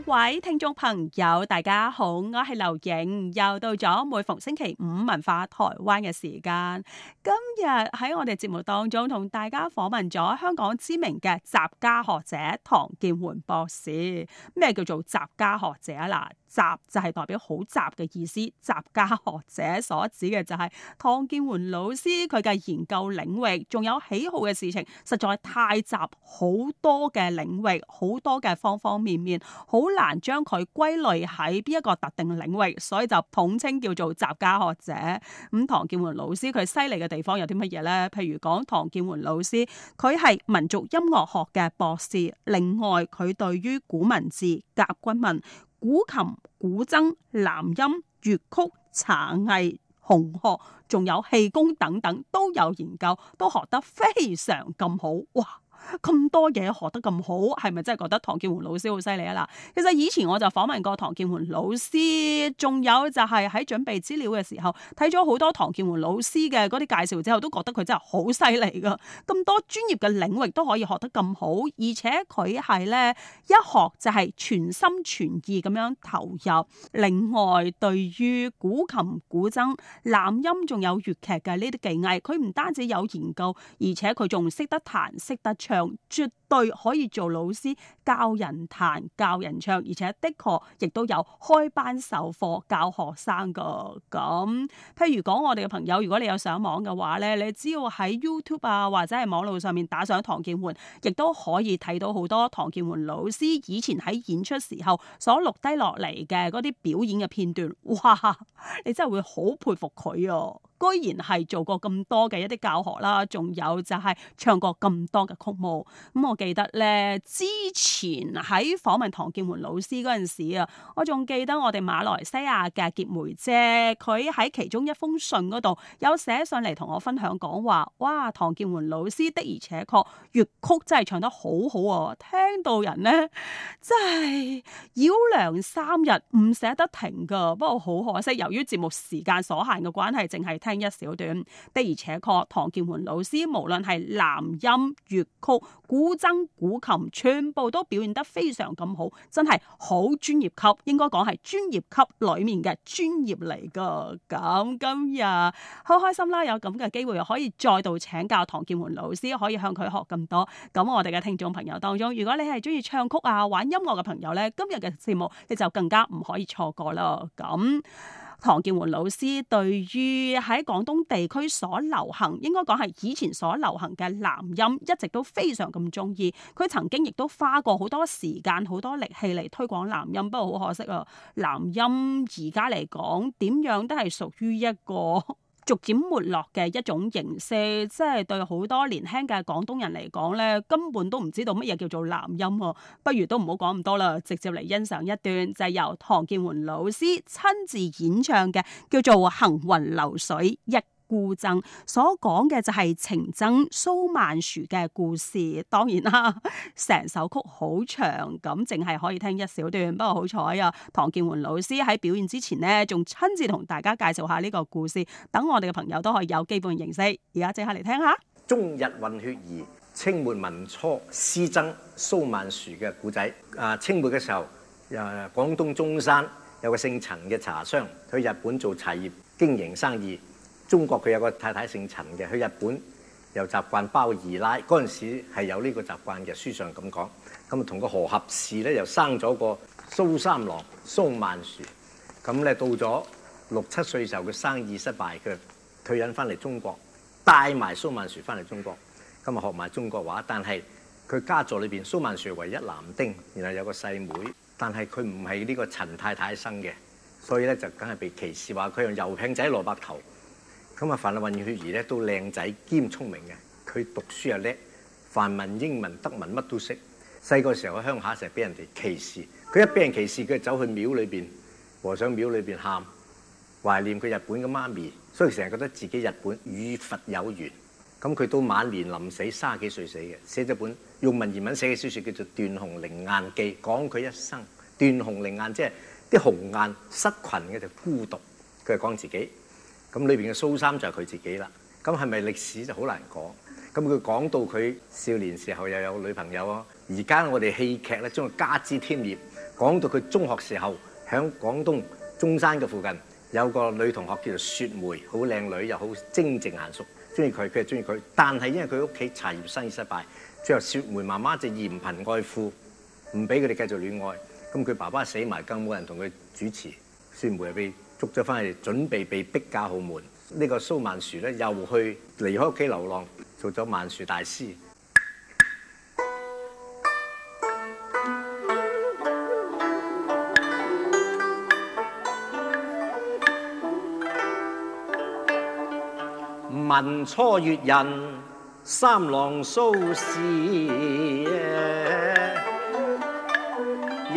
各位聽眾朋友，大家好，我係劉穎，又到咗每逢星期五文化台灣嘅時間。今日喺我哋節目當中同大家訪問咗香港知名嘅雜家學者唐建煥博士，咩叫做雜家學者啊嗱？雜就係代表好雜嘅意思，雜家學者所指嘅就係、是、唐健垣老師佢嘅研究領域，仲有喜好嘅事情，實在太雜，好多嘅領域，好多嘅方方面面，好難將佢歸類喺邊一個特定領域，所以就統稱叫做雜家學者。咁、嗯、唐健垣老師佢犀利嘅地方有啲乜嘢呢？譬如講，唐健垣老師佢係民族音樂學嘅博士，另外佢對於古文字、甲骨文、古琴、古箏、南音、粵曲、茶藝、紅學，仲有氣功等等，都有研究，都學得非常咁好，哇！咁多嘢學得咁好，係咪真係覺得唐健垣老師好犀利啊？嗱，其實以前我就訪問過唐健垣老師，仲有就係喺準備資料嘅時候睇咗好多唐健垣老師嘅嗰啲介紹之後都覺得佢真係好犀利噶。咁多專業嘅領域都可以學得咁好，而且佢係呢一學就係全心全意咁樣投入。另外，對於古琴古箏，古箏、南音仲有粵劇嘅呢啲技藝，佢唔單止有研究，而且佢仲識得彈識得唱。絕對可以做老師，教人彈，教人唱，而且的確亦都有開班授課教學生噶。咁，譬如講我哋嘅朋友，如果你有上網嘅話呢，你只要喺 YouTube 啊或者係網絡上面打上唐建媛，亦都可以睇到好多唐建媛老師以前喺演出時候所錄低落嚟嘅嗰啲表演嘅片段。哇，你真係會好佩服佢哦啊！居然係做過咁多嘅一啲教學啦，仲有就係唱過咁多嘅曲目。咁、嗯、我記得咧，之前喺訪問唐建桓老師嗰陣時啊，我仲記得我哋馬來西亞嘅傑梅姐，佢喺其中一封信度有寫上嚟，同我分享講話哇！唐建桓老師的而且確粵曲真係唱得好好，哦、聽到人咧真係繞梁三日，唔捨得停噶。不過好可惜，由於節目時間所限嘅關係淨係，只聽聽一小段，的而且確，唐建煥老師無論係南音、粵曲、古箏、古琴，全部都表現得非常咁好，真係好專業級，應該講係專業級裏面嘅專業嚟噶。咁今日好開心啦，有咁嘅機會可以再度請教唐建煥老師，可以向佢學咁多。咁我哋嘅聽眾朋友當中，如果你係中意唱曲啊、玩音樂嘅朋友呢，今日嘅節目你就更加唔可以錯過啦。咁。唐建媛老師對於喺廣東地區所流行，應該講係以前所流行嘅南音，一直都非常咁中意。佢曾經亦都花過好多時間、好多力氣嚟推廣南音，不過好可惜啊！南音而家嚟講，點樣都係屬於一個。逐漸沒落嘅一種形式，即係對好多年輕嘅廣東人嚟講咧，根本都唔知道乜嘢叫做南音喎。不如都唔好講咁多啦，直接嚟欣賞一段，就係、是、由唐健垣老師親自演唱嘅，叫做《行雲流水一》。故爭所講嘅就係情僧蘇曼殊嘅故事，當然啦，成首曲好長，咁淨係可以聽一小段。不過好彩啊，唐健垣老師喺表演之前呢，仲親自同大家介紹下呢個故事，等我哋嘅朋友都可以有基本認識。而家借下嚟聽下，中日混血兒清末民初詩僧蘇曼殊嘅故仔。啊，清末嘅時候，誒、呃，廣東中山有個姓陳嘅茶商去日本做茶葉經營生意。中國佢有個太太姓陳嘅，去日本又習慣包二奶，嗰陣時係有呢個習慣嘅，書上咁講。咁啊，同個河合氏咧又生咗個蘇三郎、蘇曼殊。咁咧到咗六七歲時候，佢生意失敗，佢退隱翻嚟中國，帶埋蘇曼殊翻嚟中國，咁啊學埋中國話。但係佢家族裏邊，蘇曼殊唯一男丁，然後有個細妹，妹，但係佢唔係呢個陳太太生嘅，所以咧就梗係被歧視，話佢用油瓶仔蘿蔔頭。咁啊，范立雲血兒咧都靚仔兼聰明嘅，佢讀書又叻，梵文英文德文乜都識。細個時候喺鄉下成日俾人哋歧視，佢一俾人歧視，佢就走去廟裏邊，和尚廟裏邊喊，懷念佢日本嘅媽咪，所以成日覺得自己日本與佛有緣。咁佢到晚年臨死，卅幾歲死嘅，寫咗本用文言文寫嘅小説，叫做《斷鴻零雁記》，講佢一生。斷鴻零雁即係啲鴻雁失群嘅就孤獨，佢係講自己。咁裏面嘅蘇三就係佢自己啦。咁係咪歷史就好難講？咁佢講到佢少年時候又有女朋友哦。而家我哋戲劇咧將佢加枝添葉，講到佢中學時候喺廣東中山嘅附近有個女同學叫做雪梅，好靚女又好精緻賢淑，中意佢，佢係中意佢。但係因為佢屋企茶葉生意失敗，最後雪梅媽媽就嫌貧愛富，唔俾佢哋繼續戀愛。咁佢爸爸死埋更冇人同佢主持，雪梅又俾捉咗翻嚟，準備被逼嫁豪門。呢、這個蘇曼殊咧，又去離開屋企流浪，做咗曼殊大師。文初月人，三郎蘇氏。Yeah.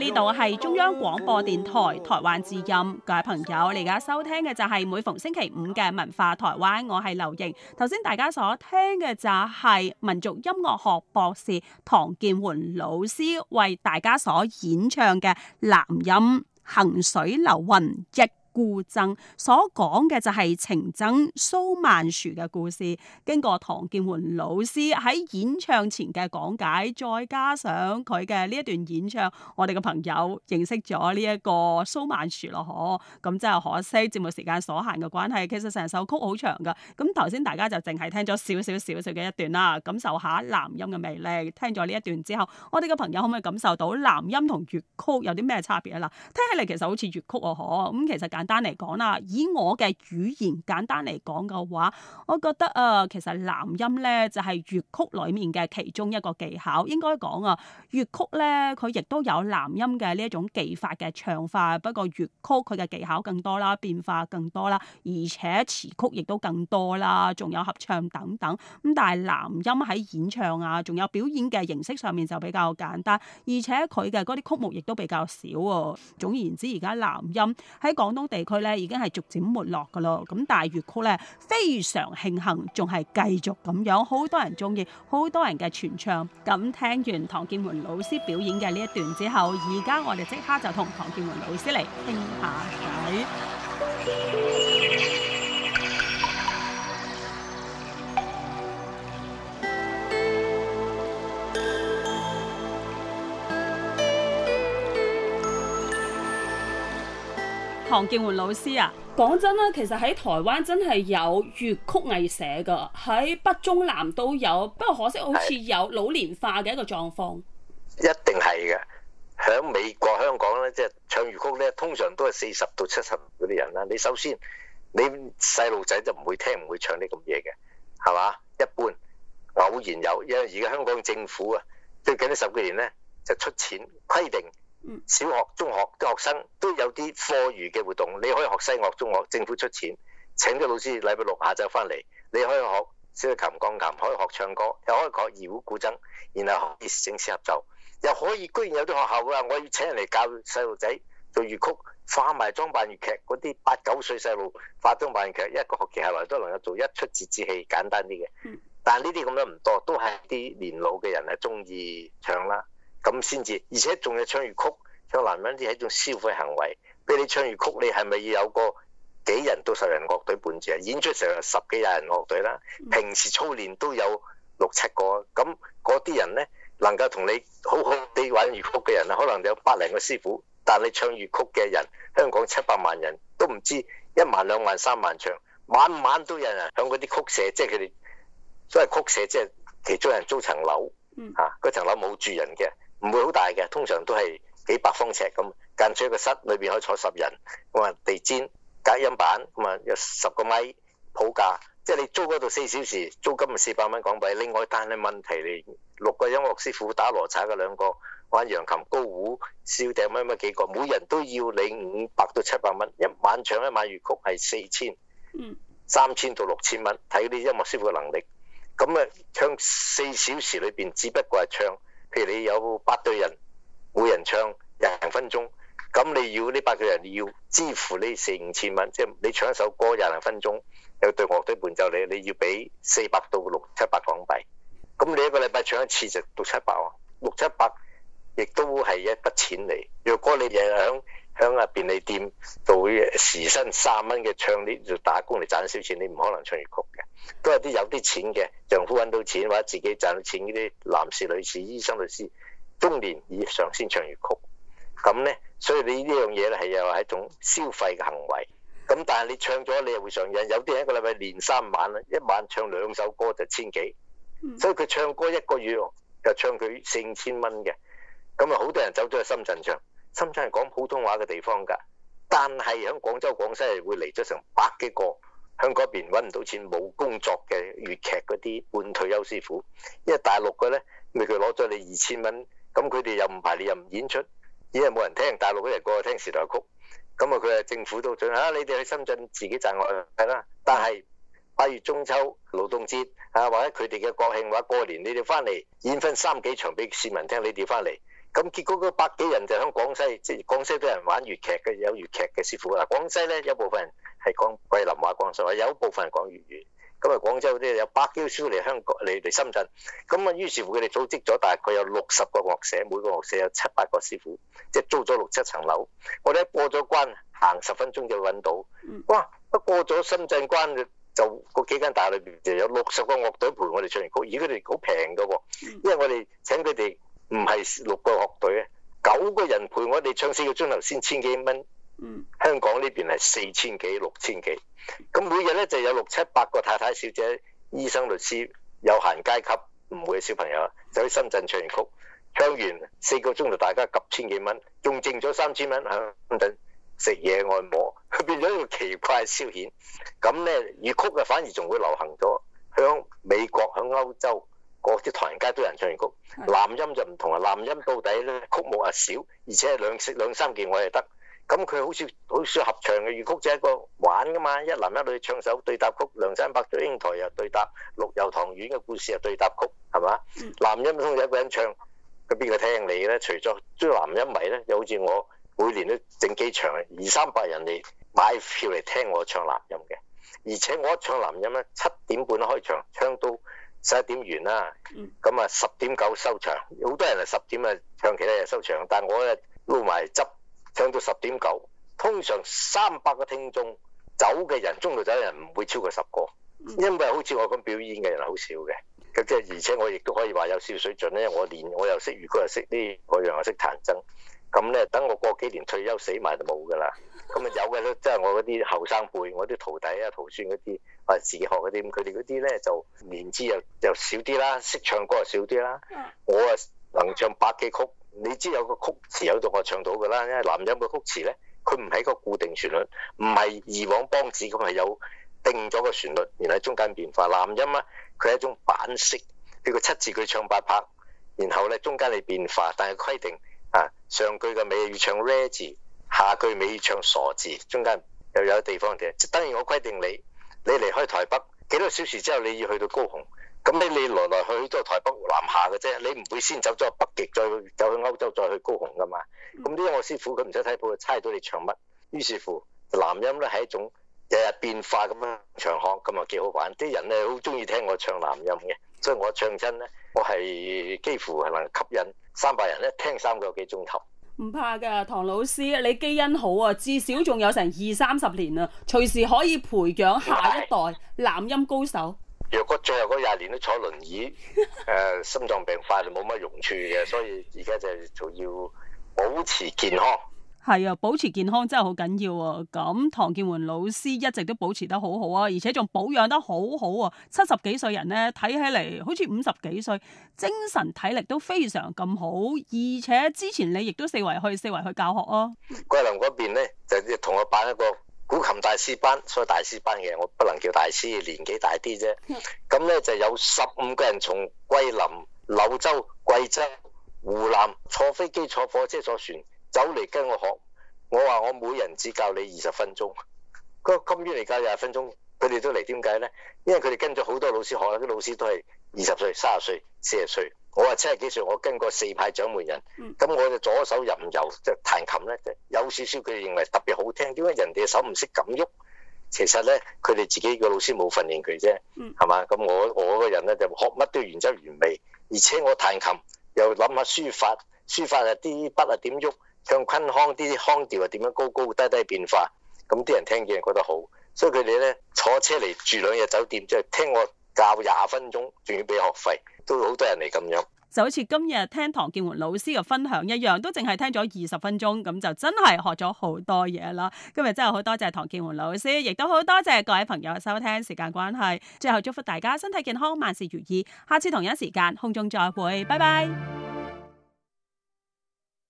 呢度係中央廣播電台台灣之音。各位朋友，而家收聽嘅就係每逢星期五嘅文化台灣，我係劉盈。頭先大家所聽嘅就係民族音樂學博士唐健垣老師為大家所演唱嘅南音《行水流雲逸》亦。故曾所講嘅就係情僧蘇曼殊嘅故事，經過唐建煥老師喺演唱前嘅講解，再加上佢嘅呢一段演唱，我哋嘅朋友認識咗呢一個蘇曼殊咯，嗬，咁真係可惜節目時間所限嘅關係，其實成首曲好長噶，咁頭先大家就淨係聽咗少少少少嘅一段啦，感受一下男音嘅魅力。聽咗呢一段之後，我哋嘅朋友可唔可以感受到男音同粵曲有啲咩差別啊嗱，聽起嚟其實好似粵曲哦，嗬，咁其實簡。單嚟講啦，以我嘅語言簡單嚟講嘅話，我覺得啊、呃，其實南音咧就係、是、粵曲裏面嘅其中一個技巧。應該講啊，粵曲咧佢亦都有南音嘅呢一種技法嘅唱法，不過粵曲佢嘅技巧更多啦，變化更多啦，而且詞曲亦都更多啦，仲有合唱等等。咁但係南音喺演唱啊，仲有表演嘅形式上面就比較簡單，而且佢嘅嗰啲曲目亦都比較少，啊。總言之，而家南音喺廣東地。地區咧已經係逐漸沒落噶咯，咁但係粵曲咧非常慶幸仲係繼續咁樣，好多人中意，好多人嘅傳唱。咁聽完唐建文老師表演嘅呢一段之後，而家我哋即刻就同唐建文老師嚟傾下偈。唐建媛老師啊，講真啦，其實喺台灣真係有粵曲藝社噶，喺北中南都有，不過可惜好似有老年化嘅一個狀況。一定係嘅，響美國香港咧，即係唱粵曲咧，通常都係四十到七十嗰啲人啦。你首先，你細路仔就唔會聽唔會唱啲咁嘢嘅，係嘛？一般偶然有，因為而家香港政府啊，最近十幾年咧就出錢規定。小學、中學啲學生都有啲課餘嘅活動，你可以學西樂、中學政府出錢，請啲老師禮拜六下晝翻嚟，你可以學小提琴、鋼琴，可以學唱歌，又可以學二胡、古箏，然後學正式合奏，又可以居然有啲學校話我要請人嚟教細路仔做粵曲，化埋裝扮粵劇嗰啲八九歲細路，化妝扮粵劇，一個學期下來都能夠做一出折子戲，簡單啲嘅。但呢啲咁樣唔多，都係啲年老嘅人係中意唱啦。咁先至，而且仲有唱粵曲，唱南音啲係一種消費行為。俾你唱粵曲，你係咪要有個幾人到十人樂隊伴住啊？演出成日十幾廿人樂隊啦，平時操練都有六七個。咁嗰啲人咧，能夠同你好好地玩粵曲嘅人啊，可能就有百零個師傅。但係你唱粵曲嘅人，香港七百萬人都唔知道一萬兩萬三萬唱，晚晚都有人響嗰啲曲社，即係佢哋所謂曲社，即係其中人租層樓嚇嗰層樓、嗯啊、冇住人嘅。唔會好大嘅，通常都係幾百方尺咁，間出一個室裏邊可以坐十人。咁啊，地氈隔音板咁啊，有十個米普價，即係你租嗰度四小時，租金咪四百蚊港幣。另外，單係問題你六個音樂師傅打羅剎嘅兩個，玩揚琴高、高胡、笑笛咁樣幾個，每人都要你五百到七百蚊。場一晚唱一晚粵曲係四千，嗯，三千到六千蚊，睇啲音樂師傅嘅能力。咁啊，唱四小時裏邊，只不過係唱。譬如你有八對人，每人唱廿零分鐘，咁你要呢八對人你要支付你四五千蚊，即係你唱一首歌廿零分鐘，有隊樂隊伴奏你，你要俾四百到六七百港幣，咁你一個禮拜唱一次就六七百喎，六七百亦都係一筆錢嚟。若果你日日響，喺啊便利店做啲時薪三蚊嘅唱啲就打工嚟賺少少錢，你唔可能唱粵曲嘅，都係啲有啲錢嘅丈夫揾到錢或者自己賺到錢呢啲男士、女士、醫生、律師中年以上先唱粵曲。咁咧，所以你呢樣嘢咧係又係一種消費嘅行為。咁但係你唱咗，你又會上癮。有啲人一個禮拜連三晚，一晚唱兩首歌就千幾。所以佢唱歌一個月就唱佢四千蚊嘅。咁啊，好多人走咗去深圳唱。深圳係講普通話嘅地方㗎，但係喺廣州廣西係會嚟咗成百幾個喺嗰邊揾唔到錢冇工作嘅粵劇嗰啲半退休師傅，因為大陸嘅呢，咪佢攞咗你二千蚊，咁佢哋又唔排你又唔演出，因為冇人聽，大陸嗰啲人過去聽時代曲。咁啊佢係政府都好準啊，你哋喺深圳自己賺落去係啦，但係八月中秋、勞動節啊，或者佢哋嘅國慶或者過年，你哋翻嚟演分三幾場俾市民聽，你哋翻嚟。咁結果嗰百幾人就喺廣西，即係廣西啲人玩粵劇嘅，有粵劇嘅師傅嗱。廣西咧有部分人係講桂林話、廣西話，有一部分人講粵語。咁啊，廣州啲有百幾個師傅嚟香港、嚟嚟深圳。咁啊，於是乎佢哋組織咗大概有六十個樂社，每個樂社有七八個師傅，即係租咗六七層樓。我哋一過咗關，行十分鐘就揾到。哇！一過咗深圳關就就嗰幾間大裏邊就有六十個樂隊陪我哋唱完歌，而佢哋好平嘅喎，因為我哋請佢哋。唔係六個樂隊啊，九個人陪我哋唱四個鐘頭先千幾蚊。嗯。香港呢邊係四千幾六千幾，咁每日咧就有六七八個太太小姐、醫生、律師、有閒階級，唔會小朋友啊，就喺深圳唱完曲，唱完四個鐘頭大家夾千幾蚊，仲剩咗三千蚊喺度食嘢、按摩，佢變咗一個奇怪消遣。咁咧粵曲啊反而仲會流行咗，響美國、響歐洲。個啲唐人街都有人唱粵曲，南音就唔同啊！南音到底咧曲目啊少，而且兩兩三件我係得。咁佢好似好似合唱嘅粵曲就係一個玩噶嘛，一男一女唱首對答曲，《梁山伯與祝英台》又對答，《陸游唐苑》嘅故事又對答曲，係嘛？南、嗯、音通常一個人唱，佢邊個聽你咧？除咗追南音迷咧，又好似我每年都整幾場嘅，二三百人嚟買票嚟聽我唱南音嘅，而且我一唱南音咧，七點半開場，唱到，十一點完啦，咁啊十點九收場，好多人啊十點啊唱其他嘢收場，但係我咧撈埋執唱到十點九。通常三百個聽眾走嘅人，中途走嘅人唔會超過十個，因為好似我咁表演嘅人好少嘅，咁即係而且我亦都可以話有少少水準咧，我練我又識粵歌又識啲嗰樣又識彈箏。咁咧，等我過幾年退休死埋就冇噶啦。咁啊有嘅咧，即係我嗰啲後生輩，我啲徒弟啊、徒孫嗰啲，或者自己學嗰啲，咁佢哋嗰啲咧就年資又又少啲啦，識唱歌又少啲啦。我啊能唱百幾曲，你知有個曲詞有度我唱到噶啦，因為男音嘅曲詞咧，佢唔係一個固定旋律，唔係以往梆子咁係有定咗個旋律，然後中間變化。男音啊，佢係一種板式，佢個七字佢唱八拍，然後咧中間你變化，但係規定。啊，上句嘅尾要唱 r a d 字，下句尾要唱傻字，中間又有一地方嘅。即係當然我規定你，你離開台北幾多小時之後，你要去到高雄。咁你你來來去去都係台北南下嘅啫，你唔會先走咗北極，再走去歐洲，再去高雄噶嘛。咁呢個我師傅佢唔使睇譜，佢猜到你唱乜。於是乎，南音咧係一種日日變化咁樣唱腔，咁又幾好玩。啲人咧好中意聽我唱南音嘅。所以我唱真咧，我係幾乎係能吸引三百人咧聽三個幾鐘頭。唔怕噶，唐老師，你基因好啊，至少仲有成二三十年啊，隨時可以培養下一代男音高手。若果最後嗰廿年都坐輪椅，誒、 呃，心臟病快就冇乜用處嘅，所以而家就就要保持健康。係啊，保持健康真係好緊要啊。咁唐建桓老師一直都保持得好好啊，而且仲保養得好好啊。七十幾歲人咧，睇起嚟好似五十幾歲，精神體力都非常咁好。而且之前你亦都四圍去，四圍去教學咯，啊。桂林嗰邊咧，就同我辦一個古琴大師班，所以大師班嘅我不能叫大師，年紀大啲啫。咁咧就有十五個人從桂林、柳州、貴州、湖南坐飛機、坐火車、坐船。走嚟跟我學，我話我每人只教你二十分鐘，嗰、那個金魚嚟教廿分鐘，佢哋都嚟，點解咧？因為佢哋跟咗好多老師學，啲老師都係二十歲、三十歲、四十歲。我話七十幾歲，我跟過四派掌門人。咁我嘅左手吟揉即彈琴咧，有少少佢哋認為特別好聽。點解人哋手唔識咁喐？其實咧，佢哋自己個老師冇訓練佢啫，係嘛？咁我我個人咧就學乜都要原汁原味，而且我彈琴又諗下書法，書法啊啲筆啊點喐？向昆腔啲腔調又點樣高高低低變化，咁啲人聽見覺得好，所以佢哋咧坐車嚟住兩日酒店，即係聽我教廿分鐘，仲要俾學費，都好多人嚟咁樣。就好似今日聽唐建宏老師嘅分享一樣，都淨係聽咗二十分鐘，咁就真係學咗好多嘢啦。今日真係好多謝唐建宏老師，亦都好多謝各位朋友收聽。時間關係，最後祝福大家身體健康，萬事如意。下次同一時間空中再會，拜拜。